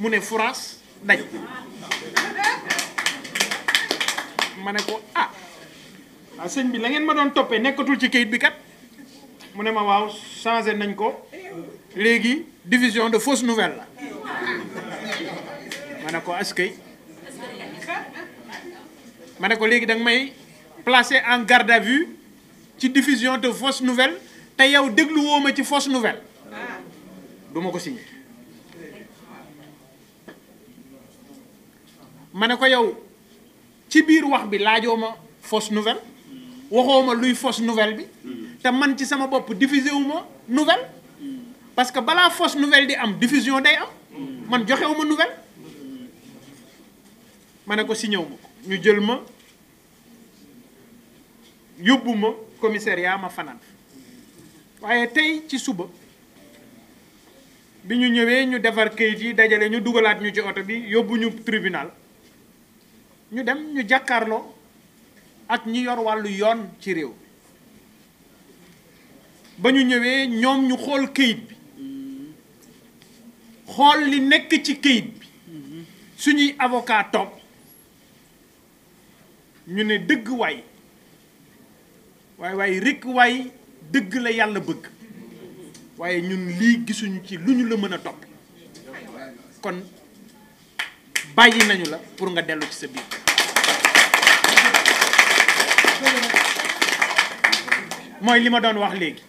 mu ne France dañ ma ne ko ah waaw ah, sëñ bi la ngeen ma doon toppee nekkatul ci kayit bi kat mu ne ma waaw changé nañ ko léegi division de fausse nouvelle la ma ne ko askay ma ne ko léegi da may placé en garde à vue ci diffusion de fausse nouvelle te yow déglu woo ma ci fausse nouvelle du ma ko signé ma ne ko yow ci biir wax bi laajoo ma fausse nouvelle waxoo ma luy fausse nouvelle bi te man ci sama bopp diffusé wu ma nouvelle parce que balaa fausse nouvelle di am diffusion day am man joxewu ma nouvelle ma ne ko si ñëw ma ko ñu jël ma yóbbu ma commissariat ma fanaan waaye tey ci suba bi ñu ñëwee ñu defar kayit yi dajale ñu dugalaat ñu ci oto bi yóbbu ñu tribunal ñu dem ñu jàkkaarloo ak ñi yor wàllu yoon ci réew ba ñu ñëwee ñoom ñu xool këyit bi xool li nekk ci këyit bi suñuy avocat topp ñu ne dëgg waay waaye waaye rekk waay dëgg la yàlla bëgg waaye ñun lii gisuñu ci lu ñu la mën a topp kon bàyyi nañu la pour nga dellu ci sa biir mooy li ma doon wax léegi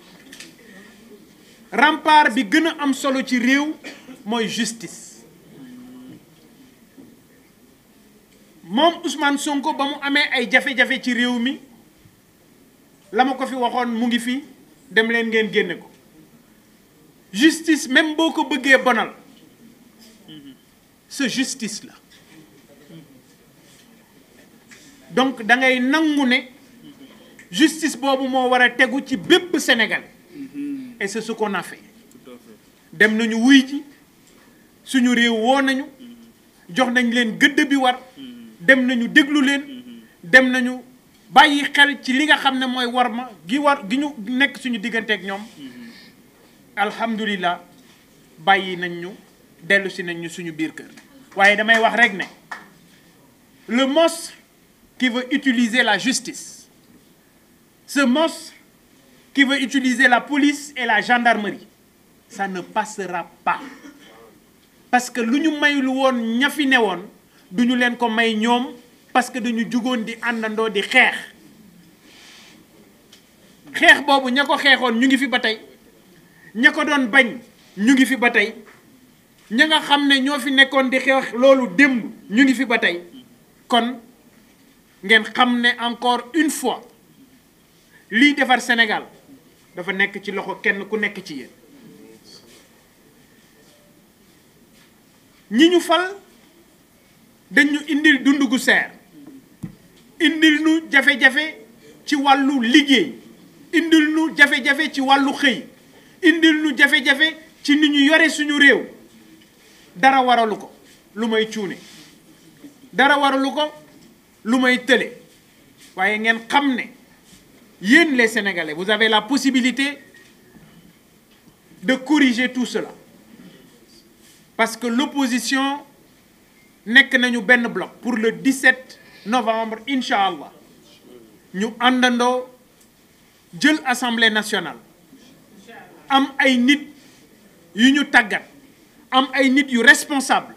rempart bi gën a am solo ci réew mooy justice moom Ousmane Sonko ba mu amee ay jafe-jafe ci réew mi la ma ko fi waxoon mu ngi fi dem leen ngeen génne ko justice même boo ko bëggee bonal sa justice la donc da ngay nangu ne. justice boobu moo war a tegu ci bépp sénégal mm-hmm. et c'est ce qu'on dem nañu wuy ci suñu réew woo nañu mm-hmm. jox nañ leen gëdd bi war mm-hmm. dem nañu déglu leen dem nañu bàyyi xel ci li nga xam ne mooy war ma gi war gi ñu nekk suñu diggante ak ñoom alhamdulilah bàyyi nañ ñu dellu si nañ suñu biir kër waaye damay wax rek ne le monstre qui veut utiliser la justice Ce monstre qui veut utiliser la police et la gendarmerie ça ne passera pas parce que lu ñu mayul woon ña fi ne woon du ñu leen ko may ñoom parce que dañu jugoon di àndandoo di xeex xeex boobu ña ko xeexoon ñu ngi fi ba tey ña ko doon bañ ñu ngi fi ba tey ña nga xam ne ñoo fi nekkoon di xeex loolu démb ñu ngi fi ba tey kon ngeen xam ne encore une fois lii defar Sénégal dafa nekk ci loxo kenn ku nekk ci yéen ñi ñu fal dañu indil dund gu seer indil nu jafe-jafe ci wàllu liggéey indil nu jafe-jafe ci wàllu xëy indil nu jafe-jafe ci ni ñu yore suñu réew dara waralu ko lu may cuune dara waralu ko lu may tële waaye ngeen xam ne yéen les Sénégalais vous avez la possibilité de corriger tout cela parce que l'opposition nekk nañu benn bloc pour le 17 novembre incha allah ñu àndandoo jël assemblée nationale am ay nit yu ñu tàggat am ay nit yu responsable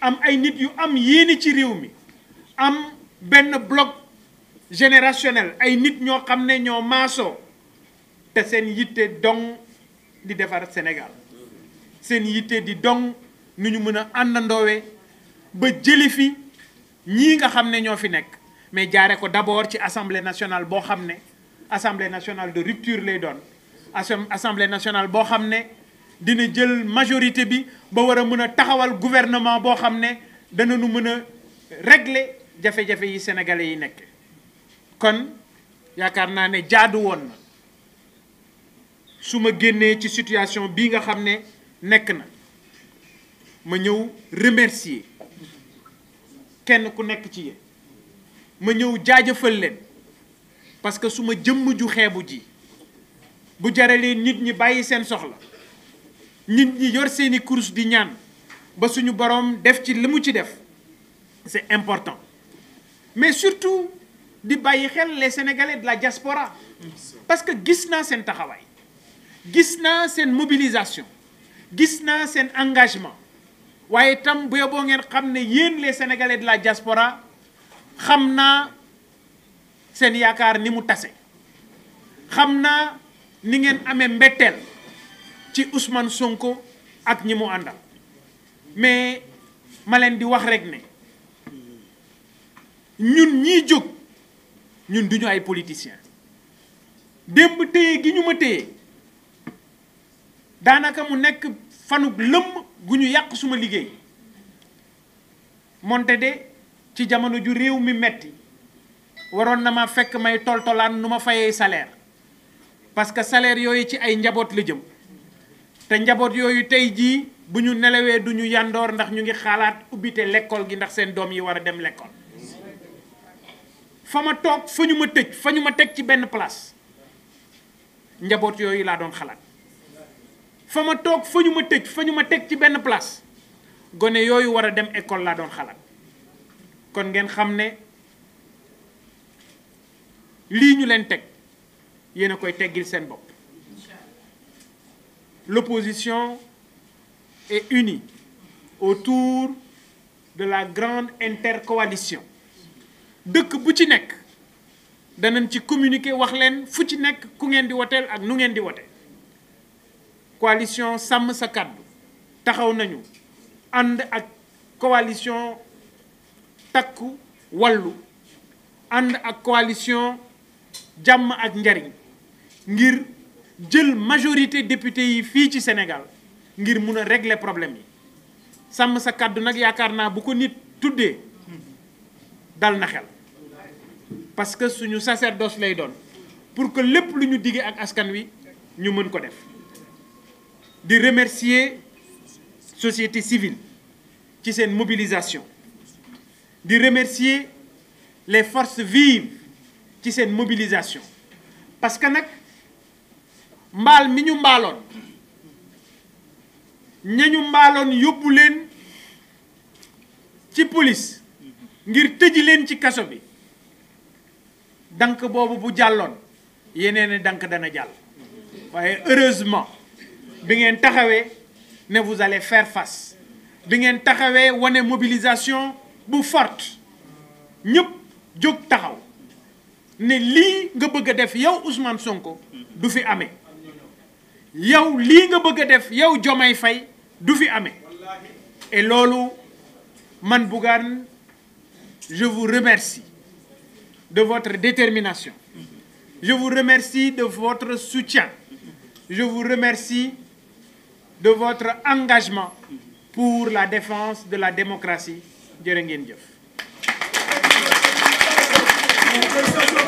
am ay nit yu am yéene ci réew mi am benn bloc générationnel ay nit ñoo xam ne ñoo maasoo te seen yitte dong di defar Sénégal seen yitte di dong nu ñu mën a àndandoowee ba jëli fi ñii nga xam ne ñoo fi nekk mais jaare ko d'abord ci assemblée nationale boo xam ne assemblée nationale de rupture lay doon assemblée nationale boo xam ne dina jël majorité bi ba war a mën a taxawal gouvernement boo xam ne dana nu mën a régler jafe-jafe yi sénégalais yi nekk kon yaakaar naa ne jaadu woon na su ma génnee ci situation bii nga xam ne nekk na ma ñëw remercier kenn ku nekk ci yéen ma ñëw jaajëfal leen parce que su ma jëmm ju xeebu ji bu jaralee nit ñi bàyyi seen soxla nit ñi yor seeni course di ñaan ba suñu boroom def ci li mu ci def c'est important mais surtout di bàyyi xel les sénégalais la diaspora parce que gis naa seen taxawaay gis naa seen mobilisation gis naa seen engagement waaye tam bu yoboo ngeen xam ne yéen les sénégalais de la diaspora xam naa seen yaakaar ni mu tase xam naa ni ngeen amee mbetteel ci Ousmane Sonko ak ñi mu àndal mais ma leen di wax rek ne ñun ñii jóg ñun du ñu ay politiciens démb téye gi ñu ma téye daanaka mu nekk fanug lëmm gu ñu yàq suma liggéey moonte de ci jamono ju réew mi metti waroon na ma fekk may toltolaan nu ma fayee salaire parce que salaire yooyu ci ay njaboot la jëm te njaboot yooyu tey jii bu ñu nelawee du ñu yandoor ndax ñu ngi xalaat ubbite lekkool gi ndax seen doom yi war a dem lekkool fa ma toog fa ñu ma tëj fa ñu ma teg ci benn place njaboot yooyu laa doon xalaat fa ma toog fa ñu ma tëj fa ñu ma teg ci benn place gone yooyu war a dem école laa doon xalaat kon ngeen xam ne lii ñu leen teg yéen a koy teggil seen bopp l'opposition est unie autour de la grande intercoalition dëkk bu ci nekk danañ ci communiquer wax leen fu ci nekk ku ngeen di woteel ak nu ngeen di wote coalition sàmm sa kàddu taxaw nañu ànd ak coalition takku wallu ànd ak coalition jàmm ak njariñ ngir jël majorité député yi fii ci Sénégal ngir mun a régler problème yi sàmm sa kàddu nag yaakaar naa bu ko nit tuddee dal na xel parce que suñu sacerdoce lay doon pour que lépp lu ñu diggee ak askan wi ñu mën ko def di remercier société civile ci seen mobilisation di remercier les forces vives ci seen mobilisation parce que nag mbaal mi ñu mbaaloon ñañu mbaaloon yóbbu leen ci police ngir tëji leen ci kaso bi dank boobu bu jàlloon yeneen dank dana jàll waaye heureusement bi ngeen taxawee ne vous allez faire face bi ngeen taxawee wane mobilisation bu forte ñëpp jóg taxaw ne lii nga bëgg a def yow Ousmane Sonko du fi amee yow lii nga bëgg a def yow Diomaye Faye du fi amee et loolu man Bougane je vous remercie de votre détermination. Je vous remercie de votre soutien. Je vous remercie de votre engagement pour la défense de la démocratie. jërë ngeen jëf